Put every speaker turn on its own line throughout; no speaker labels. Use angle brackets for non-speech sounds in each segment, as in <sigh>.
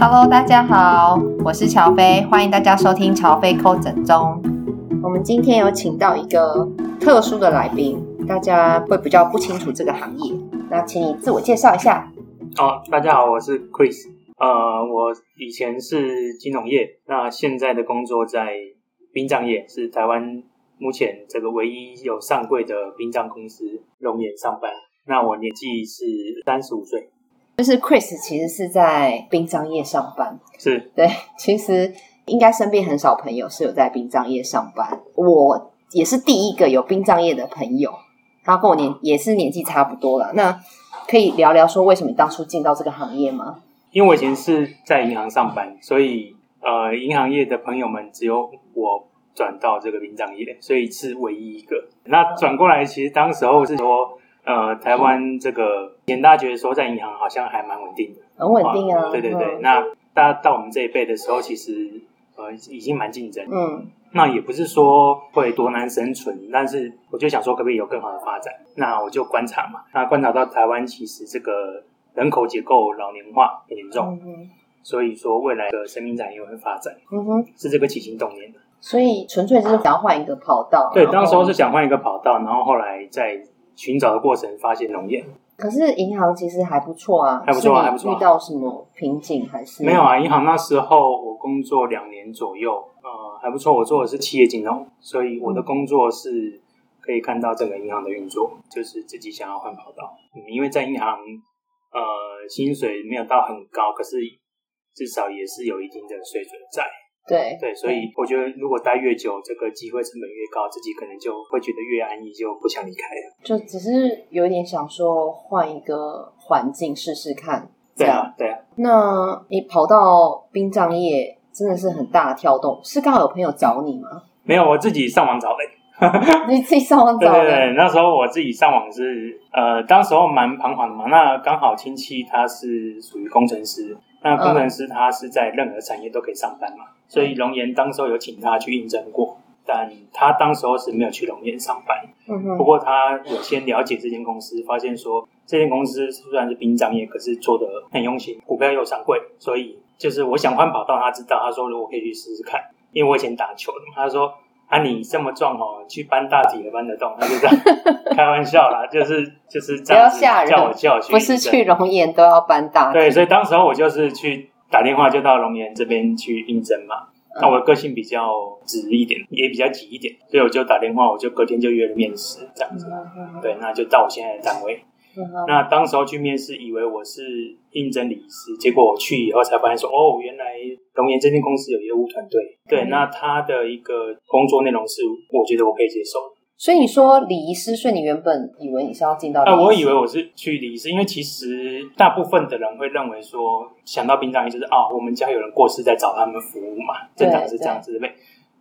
Hello，大家好，我是喬飛，歡迎大家收聽喬飛扣診中。我們今天有請到一個特殊的來賓，大家會比較不清楚這個行業，那請你自我介紹一下。
哦，大家好，我是 Chris，呃，我以前是金融業，那現在的工作在殯葬業，是台灣目前這個唯一有上櫃的殯葬公司，龍巖上班。那我年紀是三十五歲。
就是 Chris 其實是在殯葬業上班是，是對，其實應該身邊很少朋友是有在殯葬業上班，我也是第一個有殯葬業的朋友，他跟我年也是年紀差不多了，那可以聊聊說為什麼你當初進到這個行業嗎？
因為我以前是在銀行上班，所以呃，銀行業的朋友們只有我轉到這個殯葬業，所以是唯一一個。那轉過來其實當時候是說。呃，台灣這個以前、嗯、大家覺得說在銀行好像還蠻穩定的，很穩定啊，啊。對對對，嗯、那大家到我們這一輩的時候，其實呃已經蠻競爭，嗯，那也不是說會多難生存，但是我就想說可不可以有更好的發展。那我就觀察嘛，那觀察到台灣其實這個人口結構老年化很嚴重、嗯，所以說未來的生命產業也會發展，嗯哼，是這個起心動念的。
所以純粹就是想換一個跑道、嗯。對，當時候是想
換一個跑道，然後後來再。尋找的過程，發現農業。
可是銀行其實還不錯啊，還不錯、啊，遇到什麼瓶頸，還是、啊、沒有啊。銀行那
時候我工作兩年左右，呃，還不錯。我做的是企業金融，所以我的工作是可以看到整個銀行的運作、嗯，就是自己想要換跑道、嗯。因為在銀行，呃，薪水沒有到很高，可是至少也是有一定的水準在。
對對，所以
我覺得如果待越久，這個機會成本越高，自己可能就會覺得越安逸，就不想離開了。
就只是有一點想說換一個環境試試看
這樣。對啊，
對啊。那你跑到殯葬業真的是很大的跳動？是剛好有朋友找你嗎？
沒有，我自己上網找的。
<laughs> <laughs> 你自己上網找的？對對
對，那時候我自己上網是呃，當時候蠻彷徨的嘛。那剛好親戚他是屬於工程師。那工程師他是在任何產業都可以上班嘛，所以龍岩當時候有請他去應徵過，但他當時候是沒有去龍岩上班。不過他有先了解這間公司，發現說這間公司雖然是殯葬業，可是做得很用心，股票又上貴。所以就是我想換跑道，他知道，他說如果可以去試試看，因為我以前打球嘛，他說。啊，你這麼壯哦，去搬大體也搬得動，就是這樣。 <laughs> 開玩笑啦，就是就是這樣子，不要嚇人叫我叫我去，不是去
龍岩都要搬大。
對，所以當時候我就是去打電話，就到龍岩這邊去應徵嘛。嗯、那我個性比較直一點，也比較急一點，所以我就打電話，我就隔天就約了面試這樣子。對，那就到我現在的單位。Uh -huh. 那當時候去面試，以為我是應徵禮儀師，結果我去以後才發現說，哦，原來龍岩這間公司有業務團隊。嗯，對，那他的一個工作內容是，我覺得我可以接受。
所以你說禮儀師，所以你原本以為你是要進到……啊、呃，我以為我
是去禮儀師，因為其實大部分的人會認為說，想到殯葬業就是啊、哦，我們家有人過世在找他們服務嘛，正常是這樣子的。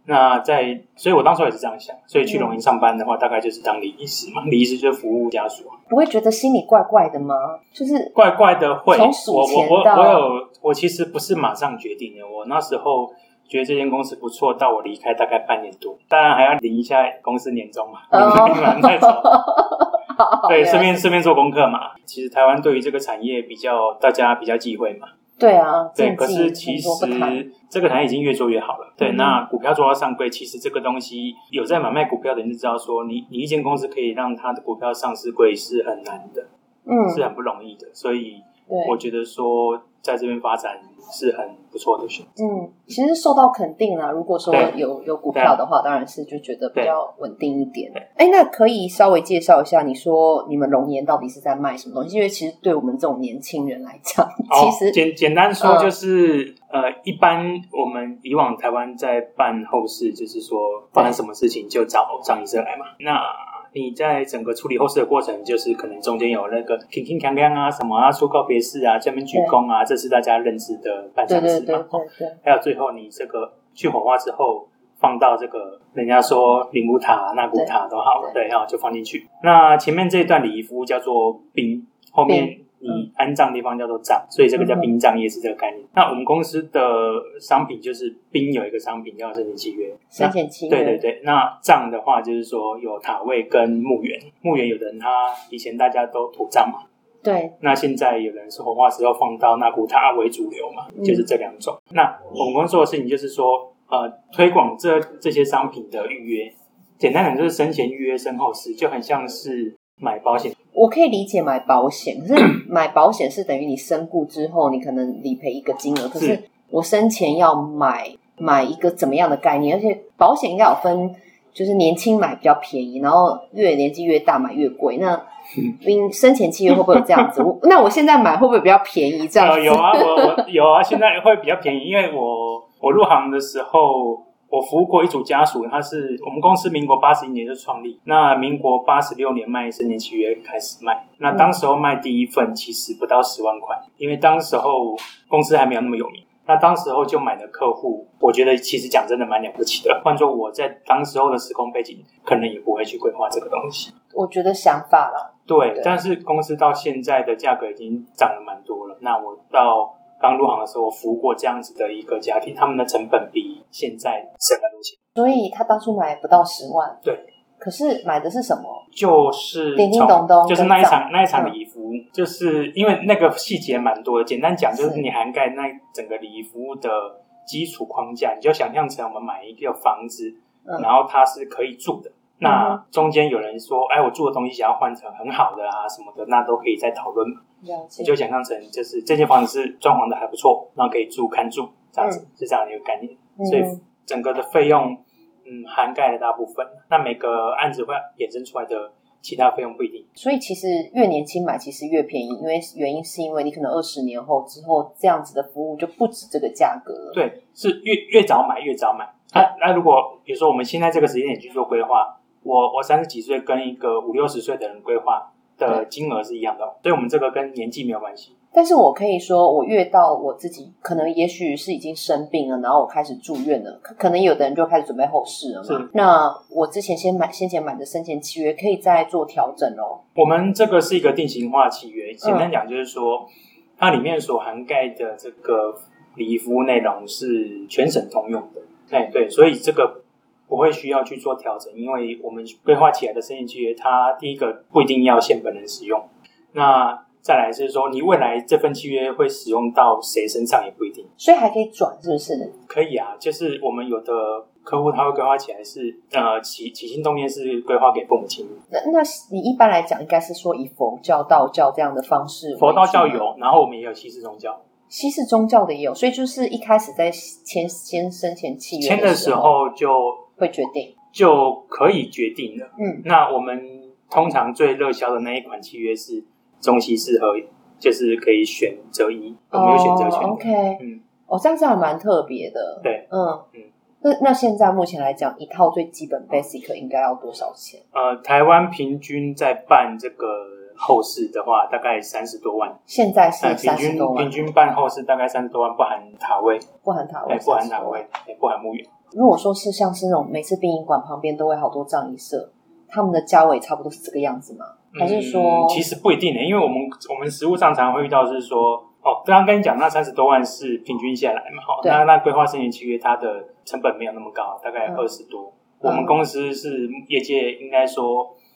那在，所以我當時也是這樣想，所以去龍巖上班的話，嗯，大概就是當禮儀師嘛，禮儀師就是服務家屬。
不會覺得心裡怪怪的嗎？就是
怪怪的會。從屬，我我我有，我其實不是馬上決定的。我那時候覺得這間公司不錯，到我離開大概半年多，當然還要領一下公司年終嘛，uh -oh. <laughs> 好好，對，順便順便做功課嘛。其實台灣對於這個產業比較，大家比較忌諱嘛。
對啊，對，可是其實
這個台已經越做越好了。對，嗯、那股票做到上櫃，其實這個東西有在買賣股票的人就知道說，說你你一間公司可以讓他的股票上市櫃是很難的，嗯，是很不容易的。所以，我覺得說在這邊發展。是很不錯的選
擇。嗯，其實受到肯定啦，如果說有
有股票的話，當然是就
覺得比較穩定一點。哎、欸，那可以稍微介紹一下，你說你們龍巖到底是在賣什麼東西？因為其實對我們這種年輕人來講，其實、哦、簡
簡單說就是、嗯，呃，一般我們以往台灣在辦後事，就是說發生什麼事情就找葬儀社來嘛。那你在整個處理後事的過程，就是可能中間有那個鏗鏗鏘鏘啊，什麼啊說告別式啊，下面鞠躬啊，這是大家認知的辦喪事嘛。還有最後你這個去火化之後，放到這個人家說靈骨塔、納骨塔都好了，對，然後、哦、就放進去。那前面這一段禮儀服務叫做殯，後面。嗯，安葬的地方叫做葬，所以這個叫殯葬業是這個概念，嗯。那我們公司的商品，就是殯，殯有一個商品叫生前契約。生前契約，生前契約，對對對。那葬的話就是說有塔位跟墓園，墓園有的人他以前大家都土葬嘛，對。那現在有人是火化時要放到納骨塔為主流嘛，嗯、就是這兩種。那我們公司的事情就是說，呃，推廣這這些商品的預約，簡單講就是生前預約身後事，就很像是買保險。
我可以理解買保險，可是買保險是等於你身故之後你可能理賠一個金額，可是我生前要買買一個怎麼樣的概念？而且保險應該有分，就是年輕買比較便宜，然後越年紀越大買越貴。那，嗯，因為生前契約會不會有這樣子？ <laughs> 那我現在買會不會比較便宜？這樣子、呃、有啊，我我
有啊，現在會比較便宜， <laughs> 因為我我入行的時候。我服務過一組家屬，他是我們公司民國八十一年就創立，那民國八十六年賣四年七月開始賣，那當時候賣第一份其實不到十萬塊，因為當時候公司還沒有那麼有名，那當時候就買的客戶，我覺得其實講真的蠻了不起的，換做我在當時候的時空背景，可能也不會去規劃這個東西。
我覺得想法了，對，對但是
公司到現在的價格已經漲了蠻多了，那我到。剛入行的時候，我服務過這樣子的一個家庭，他們的成本比現在省了多少錢？
所以他當初買不到十萬，
對，
可是買的是什麼？
就是叮叮咚咚，就是那一場那一場禮服，嗯，就是因為那個細節蠻多的。簡單講，就是你涵蓋那整個禮儀服務的基礎框架，你就想象成我們買一個房子，嗯、然後它是可以住的。那中間有人說，哎，我住的東西想要換成很好的啊，什麼的，那都可以再討論嘛。你就想象成，就是這間房子是裝潢的還不錯，然後可以住看住這樣子，嗯，是這樣的一個概念。嗯。所以整個的費用，嗯，涵蓋了大部分。那每個案子會衍生出來的其他費用不一定。
所以其實越年輕買，其實越便宜，因為原因是因為你可能二十年後之後這樣子的服務就不止這個價
格了。對，是越越早買越早買。哎，啊，那如果比如說我們現在這個時間點去做規劃。嗯我我三十幾歲跟一個五六十歲的人規劃的金額是一樣的，哦，所以我們這個跟年紀沒有關係。
但是我可以說，我越到我自己可能也許是已經生病了，然後我開始住院了，可能有的人就開始準備後事了嘛。那我之前先買先前買的生前契約可以再做調整哦。
我們這個是一個定型化契約，簡單講就是說，
它裡面
所涵蓋的這個禮儀服務內容是全省通用的。哎對，對，所以這個。我會需要去做調整，因為我們規劃起來的生前契約，它第一個不一定要限本人使用。那再來就是說，你未來這份契約會使用到誰身上也不一定。所以
還可以轉，是不是？
可以啊,就是我們有的客戶他會規劃起來是呃起起、起心動念是規劃給父母親。
那那你一般來講應該是說以佛教、道教這樣的方式
嗎？佛道教有，然後我們也有西式宗教。
西式宗教的也有，所以就是一開始在簽先生前契約的時候，
簽的時候就。
會決定
就可以決定了。嗯，那我們通常最熱銷的那一款契約是中西式合，就是可以選擇一、哦、有沒有選擇權？OK，嗯，
哦，這樣子還蠻特別的。對，嗯嗯。那那現在目前來講，一套最基本 basic 應該要多少
錢？呃，台灣平均在辦這個後事的話，大概三十多萬。
現在是30多萬、呃、平均三十多萬，平
均辦後事大概三十多萬，不含塔位，不含塔位，不含塔位，不含墓園。
如果說是像是那種每次殯儀館旁邊都會好多葬儀社，他們的價位差不多是這個樣子嗎？還是說、嗯、其
實不一定呢？因為我們我們實務上常會遇到是說，哦，剛剛跟你講那三十多萬是平均下來嘛，好，那那規劃生前契約它的成本沒有那麼高，大概二十多、嗯。我們公司是業界應該說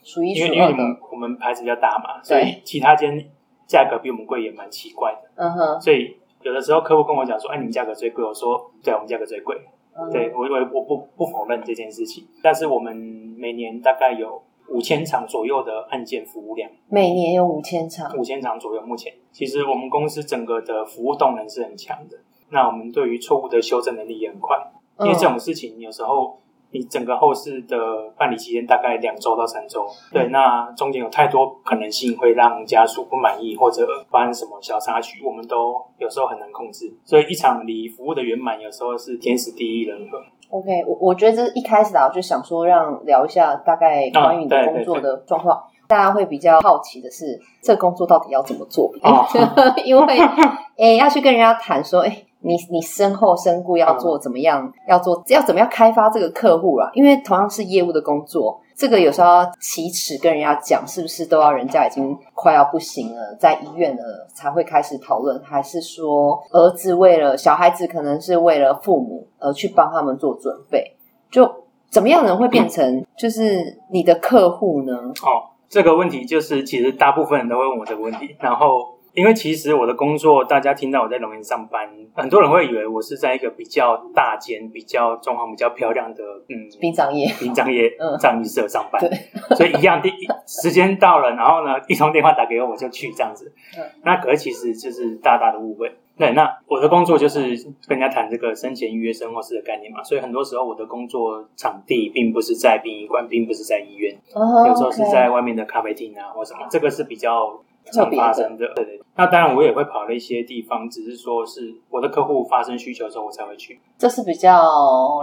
屬於、嗯，因為因為你們數一數二我們牌子比較大嘛，所以其他間價格比我們貴也蠻奇怪的。嗯哼，所以有的時候客戶跟我講說，哎，你們價格最貴，我說對，我們價格最貴。嗯、對我我我不不否認這件事情，但是我們每年大概有五千場左右的案件服務量，
每年有五千
場，五千場左右。目前，其實我們公司整個的服務動能是很強的，那我們對於錯誤的修正能力也很快，因為這種事情有時候、嗯。你整個後事的辦理期間大概兩周到三周，對，那中間有太多可能性會讓家屬不滿意，或者發生什麼小插曲，我們都有時候很難控制。所以一場禮儀服務的圓滿，有時候是天時地利人和。
OK，我我覺得這是一開始啊，就想說讓聊一下大概關於你的工作的狀況、哦，大家會比較好奇的是，這個、工作到底要怎麼做？哦、 <laughs> 因為、哎、要去跟人家談說誒、哎你你身後身故要做怎麼樣？嗯、要做要怎麼樣開發這個客戶啊？因為同樣是業務的工作，這個有時候要啟齒跟人家講，是不是都要人家已經快要不行了，在醫院了才會開始討論？還是說兒子為了小孩子，可能是為了父母而去幫他們做準備？就怎麼樣能會變成就是你的客戶呢？哦，
這個問題就是其實大部分人都會問我這個問題，然後。因為其實我的工作，大家聽到我在龍岩上班，很多人會以為我是在一個比較大間、比較裝潢比較漂亮的，嗯，殯葬業，殯葬業，嗯，葬儀社上班對，所以一樣，第一時間到了，然後呢，一通電話打給我，我就去這樣子，嗯。那可是其實就是大大的誤會。對，那我的工作就是跟人家談這個生前預約生活室的概念嘛，所以很多時候我的工作場地並不是在殯儀館，並不是在醫院，哦，有時候是在外面的咖啡廳啊、哦 okay、或什麼，這個是比較。常發生的，對，對對，那當然我也會跑了一些地方，只是說是我的客戶發生需求的時候，我才會去。
這是比較、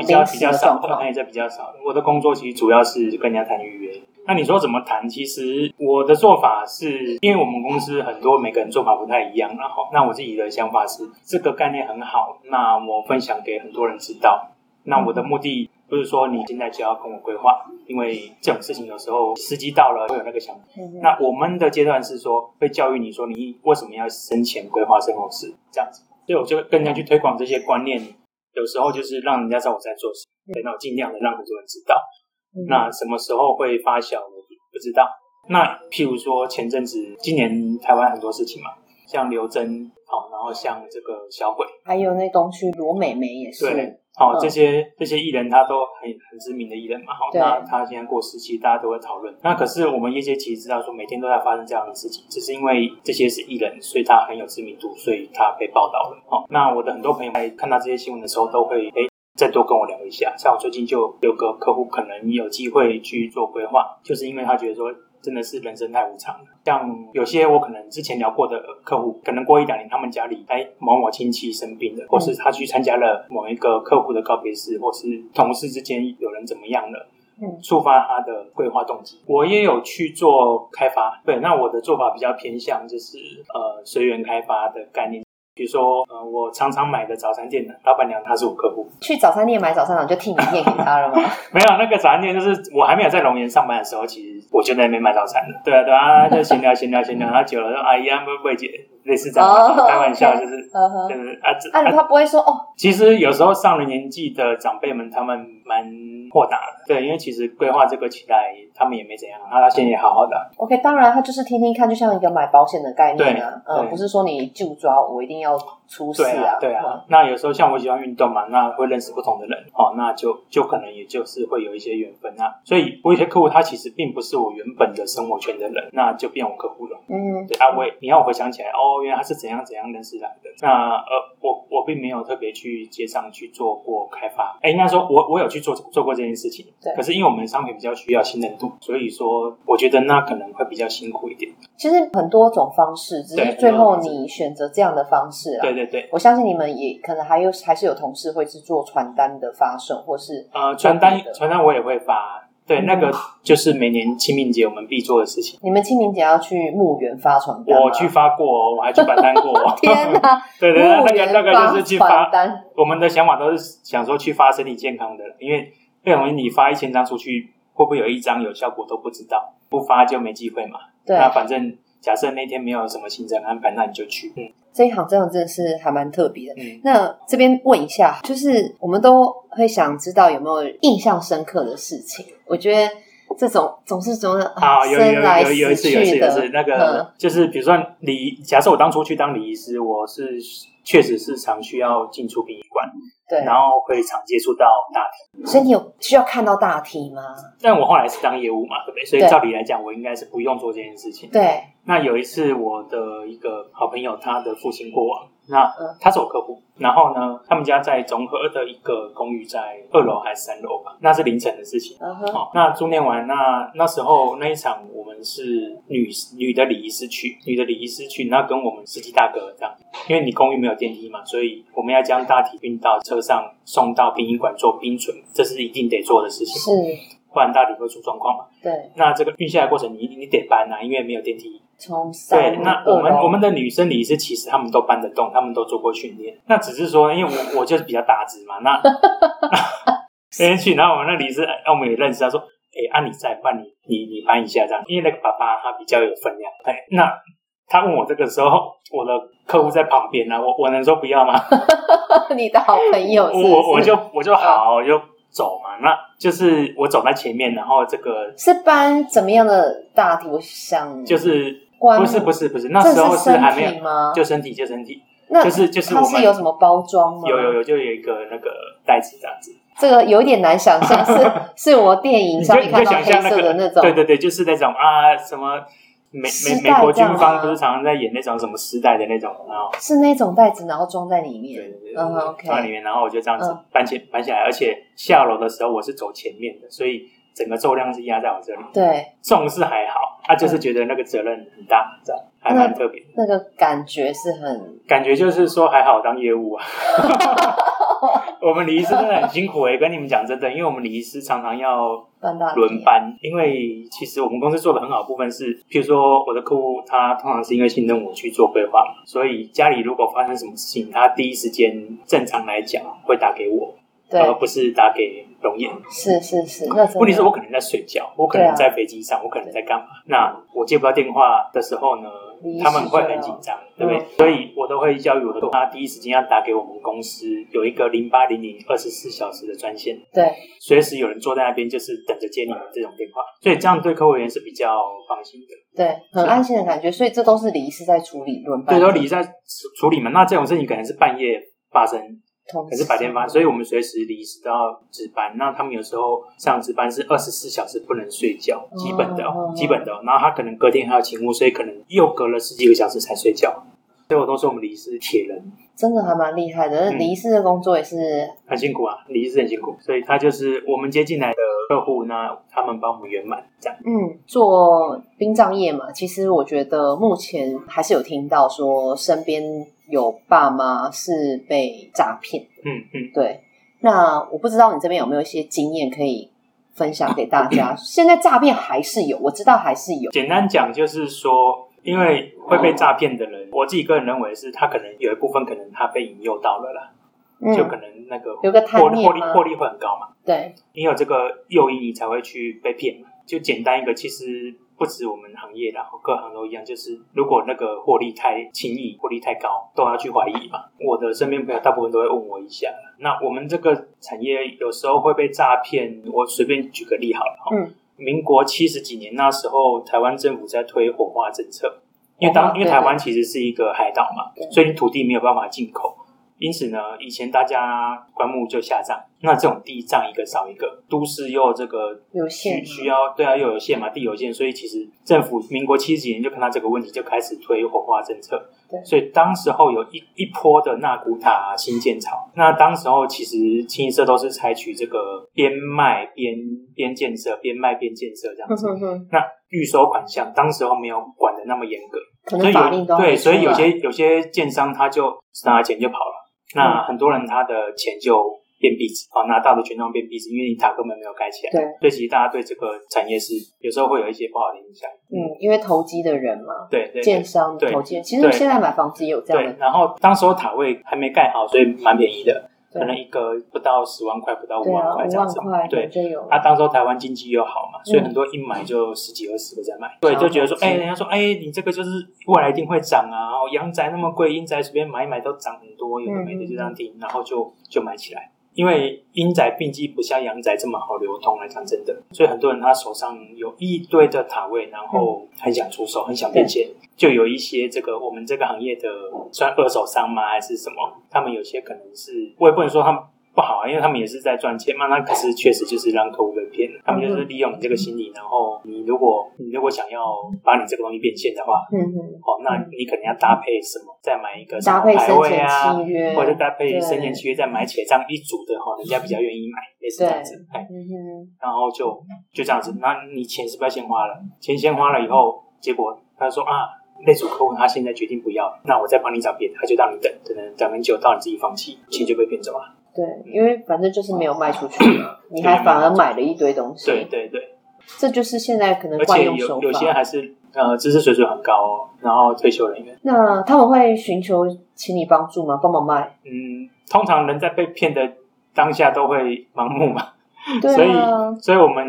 比較、比較少
的，那也比較少。我的工作其實主要是跟人家談預約。那你說怎麼談？其實我的做法是，因為我們公司很多每個人做法不太一樣。然後，那我自己的想法是，這個概念很好，那我分享給很多人知道。那我的目的。嗯不是說你現在就要跟我規劃，因為這種事情有時候時機到了會有那個想法。嗯嗯、那我們的階段是說會教育你說你為什麼要生前規劃身後事這樣子，所以我就更加去推廣這些觀念。有時候就是讓人家知道我在做什，然、嗯、到尽量的讓很多人知道、嗯。那什麼時候會發小？我不知道。那譬如說前陣子今年台灣很多事情嘛，像劉真，好，然後像這個小鬼，
還有那東區，羅美眉也是。好、哦，這些
這些藝人他都很很知名的藝人嘛，好，那他現在過世，其實大家都會討論。那可是我們業界其實知道，說每天都在發生這樣的事情，只是因為這些是藝人，所以他很有知名度，所以他被報道了。好、哦，那我的很多朋友在看到這些新聞的時候，都會誒、欸、再多跟我聊一下。像我最近就有個客戶，可能有機會去做規劃，就是因為他覺得說。真的是人生太無常了，像有些我可能之前聊過的客戶，可能過一兩年，他們家裡哎某某親戚生病了，或是他去參加了某一個客戶的告別式，或是同事之間有人怎麼樣了，觸發他的規劃動機。我也有去做開發，對，那我的做法比較偏向就是呃隨緣開發的概念。比如說，呃，我常常買的早餐店的老闆娘，她是我客戶。
去早餐店買早餐，你就替你念給她了
嗎？ <laughs> 沒有，那個早餐店就是我還沒有在龍巖上班的時候，其實我就在那邊買早餐。對啊，對啊，就閒聊，聊，閒聊，閒聊。他久了說：“阿 <laughs> 姨啊，不喂，姐，類似這樣開玩笑，就是就是啊。”啊，他不會說哦。其實有時候上了年紀的長輩們，他們，蠻豁達的，對，因為其實規劃這個期待，他們也沒怎樣，他現在也好好的啊。
OK，當然，他就是聽聽看，就像一個買保險的概念啊，呃，不是說你就抓我一定要出事啊。對啊，對啊，
那有時候像我喜歡運動嘛，那會認識不同的人，好，那就就可能也就是會有一些緣分啊。所以我有些客戶他其實並不是我原本的生活圈的人，那就變我客戶了。嗯，對啊，我你要我回想起來，哦，原來他是怎樣怎樣認識他的。那呃，我我並沒有特別去街上去做過開發。哎，欸，那時候我我有去。做做過這件事情，對，可是因為我們商品比較需要信任度，所以說我覺得那可能會比較辛苦一點。
其實很多種方式，只是最後你選擇這樣的方式了。對對對，我相信你們也可能還有還是有同事會去做傳單的發送，或是
呃傳單，傳單我也會發。對，那個就是每年清明節我們必做的事情。嗯、
你們清明節要去墓園發傳單嗎？我去
發過。哦，我還去擺攤過。哦。 <laughs> 天哪 <laughs> 對，對，對對，那個那個就是去發，發我們的想法都是想說去發身體健康的，因為為什麼你發一千張出去，會不會有一張有效果都不知道。不發就沒機會嘛。對，那反正。假設那天沒有什麼行程安排，那你就去。嗯，
這一行這樣真的是還蠻特別的。嗯，那這邊問一下，就是我們都會想知道有沒有印象深刻的事情。我覺得這種總是總是啊有有有有一次生來死去的，那個
就是比如說禮，假設我當初去當禮儀師，我是確實是常需要進出殯儀館，對，然後會常接觸到大體。所以
你有需要看到大體嗎？
但我後來是當業務嘛，對不對？所以照理來講，我應該是不用做這件事情。對。那有一次，我的一個好朋友，他的父親過往，那他是我客戶，然後呢，他們家在中和的一個公寓，在二樓還是三樓吧？那是凌晨的事情。Uh -huh. 哦，那助念完，那那時候那一場，我們是女女的禮儀師去，女的禮儀師去，那跟我們司機大哥這樣，因為你公寓沒有電梯嘛，所以我們要將大體運到車上，送到殯儀館做冰存，這是一定得做的事情，是，不然大體會出狀況嘛。對，那這個運下來的過程你，你你得搬啊，因為沒有電梯。重三，對，那我們我們的女生禮師其實他們都搬得動，他們都做過訓練。那只是說，因為我我就是比較大只嘛，那先 <laughs> 去。然後我們那禮師，我們也認識他，他說：“哎、欸，阿、啊、你在，幫你你你搬一下這樣。”因為那個爸爸他比較有分量，哎，那他問我這個時候我的客戶在旁邊呢、啊，我我能說不要嗎？
<laughs> 你的好朋友是不是，我我就
我就好我就走嘛。那就是我走在前面，然後這個
是搬怎麼樣的大體？像？就是。
關不是不是不是，那時候是還沒有，就身體就身體，是就是，就是、我們，它是有什
麼包裝嗎？有有
有，就有一個那個袋子這樣子。
這個有點難想象， <laughs> 是是我電影上面看到黑色的那種、
那個。對對對，就是那種啊，什麼美美美國軍方不是常常在演那種什麼時代的那種，然
後是那種袋子，然後裝在裡面。對對對，嗯，對對對，OK。裝在
裡面，然後我就這樣子搬起、嗯、搬下來，而且下樓的時候我是走前面的，所以整個重量是壓在我這裡。對，重是還好。他、啊、就是覺得那個責任很大，這樣還蠻特別，
那個感覺是
很感覺，就是說還好當業務啊。 <laughs> <laughs> 我們李醫師真的很辛苦誒、欸、跟你們講真的，因為我們李醫師常常要輪班，因為其實我們公司做的很好的部分是，比如說我的客戶他通常是因為信任我去做規劃，所以家裡如果發生什麼事情，他第一時間正常來講會打給我。呃，而不是打給龍巖，
是是是，那，問題是我可
能在睡覺，我可能在飛機上、啊，我可能在幹嘛？那我接不到電話的時候呢，他們會很緊張，對不對、嗯、所以我都會教育我的同事，他第一時間要打給我們公司有一個零八零零二十四小時的專線，對，隨時有人坐在那邊就是等着接你們這種電話，所以這樣對客戶員是比較放心的，對，很安心
的感覺，所以這都是禮儀師在處理，對，都禮儀
在處理嘛。那這種事情可能是半夜發生。可是白天班，所以我們隨時離世都要值班。那他們有時候上值班，是二十四小時不能睡覺，基本的、嗯，基本的。然後他可能隔天還要勤務，所以可能又隔了十幾個小時才睡覺。所以我都說我們離世鐵人、嗯，
真的還蠻厲害的。離世的工作也是、
嗯、很辛苦啊，離世很辛苦。所以他就是我們接進來的客戶，那他們幫我們圓滿這樣。
嗯，做殯葬業嘛，其實我覺得目前還是有聽到說身邊有爸媽是被詐騙的，
嗯嗯，對。
那我不知道你這邊有沒有一些經驗可以分享給大家、嗯？現在詐騙還是有，我
知道還是有。簡單講就是說，因為會被詐騙的人，哦、我自己個人認為是，他可能有一部分可能他被引誘到了啦，嗯，就可能那個有個貪念，獲利獲利會很高嘛。對，你有這個誘因你才會去被騙嘛。就簡單一個，其實。不止我們行業啦，然後各行都一樣，就是如果那個獲利太輕易，獲利太高，都要去懷疑嘛。我的身邊朋友大部分都會問我一下。那我們這個產業有時候會被詐騙，我隨便舉個例好了哦。嗯。民國七十幾年那時候，台灣政府在推火化政策，嗯。因為當，因為台灣其實是一個海島嘛，嗯，所以土地沒有辦法進口，因此呢，以前大家棺木就下葬。那這種地佔一個少一個，都市又這個需有需需要，對啊，又有限嘛，地有限，所以其實政府民國七十幾年就看到這個問題，就開始推火化政策。對，所以當時候有一一波的納骨塔新建潮。那當時候其實清一色都是採取這個邊賣邊邊建設邊賣邊建設這樣子。嗯嗯嗯、那預收款項，當時候沒有管的那麼嚴格可能，所以有對，所以有些有些建商他就拿了錢就跑了、嗯。那很多人他的錢就。變壁紙哦，拿到的全裝變壁紙，因為你塔根本沒有蓋起來，對，對其實大家對這個產業是有時候會有一些不好的印象。嗯，
因為投機的人嘛，
對，對，對。建商對投機，其實現在買
房子也有這樣的。對，
然後，當時候塔位還沒蓋好，所以蠻便宜的對，可能一個不到十萬塊，不到五萬塊這樣子。對、啊，他、啊、當時候台灣經濟又好嘛、嗯，所以很多一買就十幾二十的在買、嗯，對，就覺得說，哎、欸，人家說，哎、欸，你這個就是未來一定會漲啊。哦，陽宅那麼貴，陰宅隨便買一買都漲很多，有的沒的就這樣定、嗯，然後就就買起來。因為陰宅並機不像陽宅這麼好流通來、啊、講，真的，所以很多人他手上有一堆的塔位，然後很想出手，嗯、很想變現，就有一些這個我們這個行業的算二手商嗎，還是什麼？他們有些可能是，我也不能說他們。不好啊，因為他們也是在賺錢嘛，那可是確實就是讓客戶被騙了。他們就是利用你這個心理，然後你如果，你如果想要把你這個東西變現的話，嗯嗯，哦，那你可能要搭配什麼，再買一個什麼牌位啊，或者搭配生前契約，約再買起來這樣一組的哈，人家比較願意買，類似這樣子，哎，嗯哼，然後就，就這樣子。那你錢是不是要先花了？錢先花了以後，結果他說啊，那組客戶他現在決定不要，那我再幫你找別的，他就讓你等，等等等很久，到你自己放棄，錢就被騙走了。
對，因為反正就是沒有賣出去嘛、嗯，你還反而買了一堆東西。對對對，這就是現在可能慣用手法。而且有,有些還
是呃，知識水準很高，哦，然後退休人員。
那他們會尋求請你幫助嗎？幫忙賣？嗯，
通常人在被騙的當下都會盲目嘛，
對啊、 <laughs> 所以，
所以我們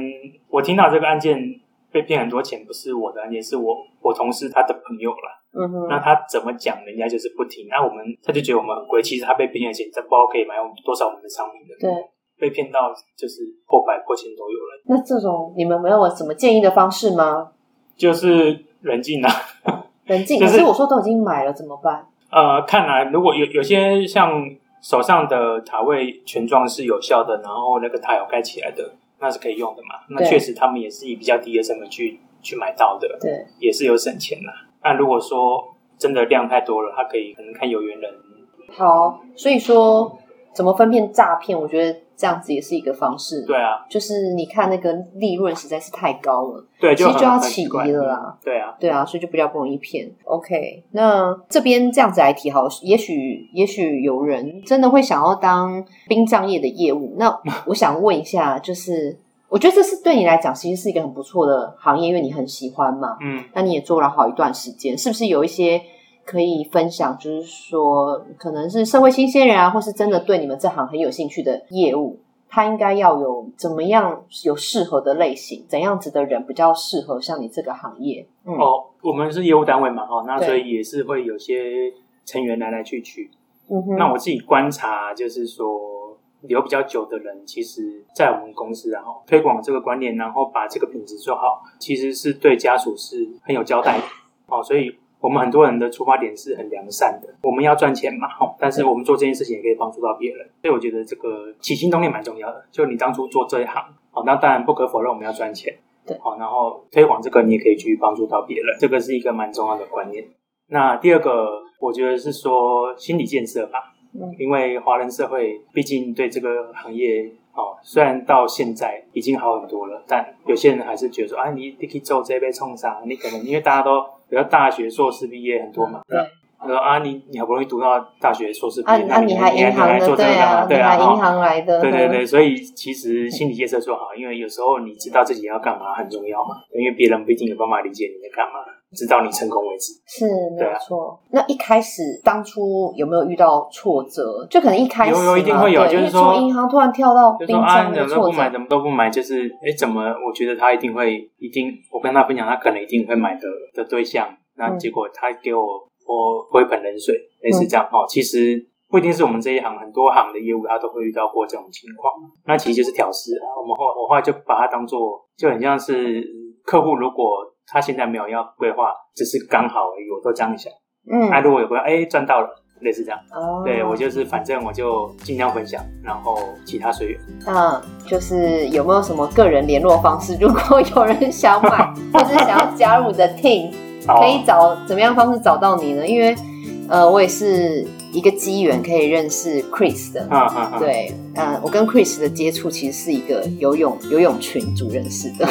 我聽到這個案件。被騙很多錢不是我的，而是我我同事他的朋友了。嗯哼，那他怎麼講，人家就是不聽。那我們他就覺得我們很貴，其實他被騙的錢，他不知道可以買多少我們的商品的人。對，被騙到就是破百破千都有了。
那這種你們沒有什麼建議的方式嗎？
就是冷靜啊、嗯，
冷靜、 <laughs> 就是。可是我說都已經買了怎麼辦？
呃，看來如果有有些像手上的塔位權狀是有效的，然後那個塔有蓋起來的。那是可以用的嘛？那確實，他們也是以比較低的成本去去買到的，對，也是有省錢啦。那如果說真的量太多了，他可以可能看有緣人。
好，所以說怎麼分辨詐騙？我覺得。這樣子也是一個方式，對啊，就是你看那個利潤實在是太高了，對，其實就要起疑了啦、嗯，對啊，對啊，所以就比較不容易騙。OK，那這邊這樣子來提好，也許也許有人真的會想要當殯葬業的業務。那我想問一下，就是 <laughs> 我覺得這是對你來講，其實是一個很不錯的行業，因為你很喜歡嘛，嗯，那你也做了好一段時間，是不是有一些？可以分享，就是說，可能是社會新鮮人啊，或是真的對你們這行很有興趣的業務，他應該要有怎麼樣有適合的類型，怎樣子的人比較適合像你這個行
業？嗯、哦，我們是業務單位嘛，哈，那所以也是會有些成員來來去去。
嗯哼，那我自
己觀察，就是說留比較久的人，其實在我們公司、啊，然後推廣這個觀念，然後把這個品質做好，其實是對家屬是很有交代的。嗯、哦，所以。我們很多人的出發點是很良善的，我們要賺錢嘛，但是我們做這件事情也可以幫助到別人，所以我覺得這個起心動念蠻重要的。就你當初做這一行，哦，那當然不可否認我們要賺錢，對，好，然後推廣這個你也可以去幫助到別人，這個是一個蠻重要的觀念。那第二個，我覺得是說心理建設吧，嗯、因為華人社會畢竟對這個行業，哦，雖然到現在已經好很多了，但有些人還是覺得說，哎，你你可以做這一杯沖煞，你可能因為大家都。比如大學碩士畢業很多嘛？嗯、對，說、嗯、啊，你你好不容易讀到大學碩士畢業、啊那你還，你還銀行你還做這個幹嘛？對啊，對啊，銀行
來的對、啊。對對對，
所以其實心理建設做好、嗯，因為有時候你知道自己要幹嘛很重要嘛，嗯、因為別人不一定有辦法理解你在幹嘛。直到你成功為止，
是沒有錯。那一開始當初有沒有遇到挫折？就可能一開始有，有一定會有，就是從銀行突然跳到就是，說啊，怎麼都不
買，怎麼都不買，就是哎，欸，怎麼我覺得他一定會一定，我跟他分享，他可能一定會買的的對象，嗯，那結果他給我潑潑一盆冷水，嗯，類似這樣哦，喔。其實不一定是我們這一行，很多行的業務他都會遇到過這種情況，嗯。那其實就是挑事。啊。我們後來我後來就把它當做就很像是客戶如果。他現在沒有要規劃，只是剛好而已。我都講一下，嗯，那、啊、如果有朋友哎賺到了，類似這樣，哦、對我就是反正我就盡量分享，然後其他隨緣。嗯，
就是有沒有什麼個人聯絡方式？如果有人想買 <laughs> 或者想要加入的 team， <laughs> 可以找怎麼樣的方式找到你呢？因為呃，我也是。一個機緣可以認識 Chris 的，啊啊、對，嗯、啊，我跟 Chris 的接觸其實是一個游泳游泳
群組認識的。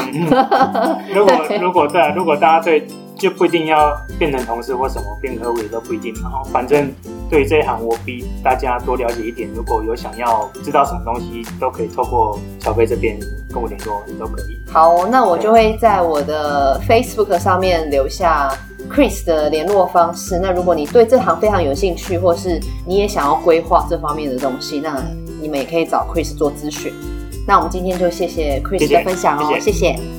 <laughs> 如果如果對、啊，如果大家對就不一定要變成同事或什麼，變客戶也都不一定。然後反正對這一行我比大家多了解一點。如果有想要知道什麼東西，都可以透過小飛這邊跟我聯絡，也都可以。
好，那我就會在我的 Facebook 上面留下。Chris 的聯絡方式。那如果你對這行非常有興趣，或是你也想要規劃這方面的東西，那你們也可以找 Chris 做諮詢。那我們今天就謝謝 Chris 的分享哦，謝謝。謝謝，謝謝。